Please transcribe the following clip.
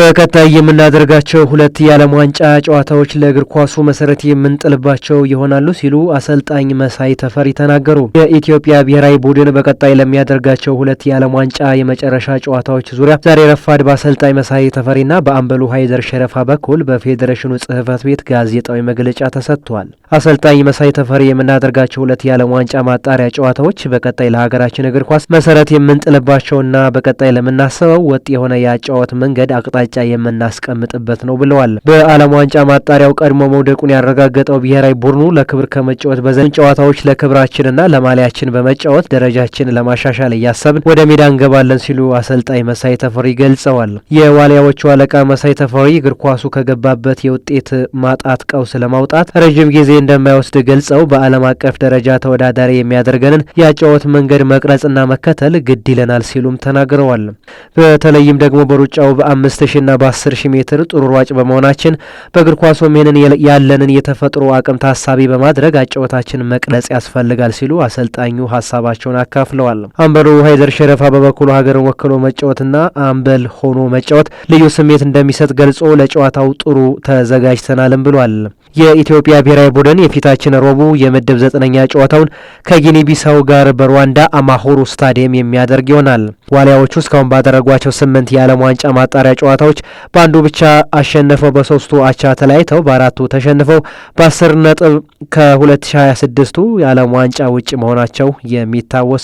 በቀጣይ የምናደርጋቸው ሁለት የዓለም ዋንጫ ጨዋታዎች ለእግር ኳሱ መሰረት የምንጥልባቸው ይሆናሉ ሲሉ አሰልጣኝ መሳይ ተፈሪ ተናገሩ። የኢትዮጵያ ብሔራዊ ቡድን በቀጣይ ለሚያደርጋቸው ሁለት የዓለም ዋንጫ የመጨረሻ ጨዋታዎች ዙሪያ ዛሬ ረፋድ በአሰልጣኝ መሳይ ተፈሪና በአምበሉ ሀይደር ሸረፋ በኩል በፌዴሬሽኑ ጽህፈት ቤት ጋዜጣዊ መግለጫ ተሰጥቷል። አሰልጣኝ መሳይ ተፈሪ የምናደርጋቸው ሁለት የዓለም ዋንጫ ማጣሪያ ጨዋታዎች በቀጣይ ለሀገራችን እግር ኳስ መሰረት የምንጥልባቸውና በቀጣይ ለምናስበው ወጥ የሆነ የአጨዋወት መንገድ አቅጣ አቅጣጫ የምናስቀምጥበት ነው ብለዋል። በዓለም ዋንጫ ማጣሪያው ቀድሞ መውደቁን ያረጋገጠው ብሔራዊ ቡድኑ ለክብር ከመጫወት በዘን ጨዋታዎች ለክብራችንና ለማሊያችን በመጫወት ደረጃችን ለማሻሻል እያሰብን ወደ ሜዳ እንገባለን ሲሉ አሰልጣኝ መሳይ ተፈሪ ገልጸዋል። የዋሊያዎቹ አለቃ መሳይ ተፈሪ እግር ኳሱ ከገባበት የውጤት ማጣት ቀውስ ለማውጣት ረዥም ጊዜ እንደማይወስድ ገልጸው በዓለም አቀፍ ደረጃ ተወዳዳሪ የሚያደርገንን የአጫወት መንገድ መቅረጽና መከተል ግድ ይለናል ሲሉም ተናግረዋል። በተለይም ደግሞ በሩጫው በአምስት በ ሺና በ10ሺ ሜትር ጥሩ ሯጭ በመሆናችን በእግር ኳሱም ይህንን ያለንን የተፈጥሮ አቅም ታሳቢ በማድረግ አጨዋወታችን መቅረጽ ያስፈልጋል ሲሉ አሰልጣኙ ሀሳባቸውን አካፍለዋል። አምበሉ ሀይደር ሸረፋ በበኩሉ ሀገርን ወክሎ መጫወትና አምበል ሆኖ መጫወት ልዩ ስሜት እንደሚሰጥ ገልጾ ለጨዋታው ጥሩ ተዘጋጅተናልም ብሏል። የኢትዮጵያ ብሔራዊ ቡድን የፊታችን ሮቡ የምድብ ዘጠነኛ ጨዋታውን ከጊኒ ቢሳው ጋር በሩዋንዳ አማሆሩ ስታዲየም የሚያደርግ ይሆናል። ዋሊያዎቹ እስካሁን ባደረጓቸው ስምንት የዓለም ዋንጫ ማጣሪያ ጨዋታ ጨዋታዎች በአንዱ ብቻ አሸነፈው በሶስቱ አቻ ተለያይተው በአራቱ ተሸንፈው በአስር ነጥብ ከ2026ቱ የዓለም ዋንጫ ውጭ መሆናቸው የሚታወስ ነው።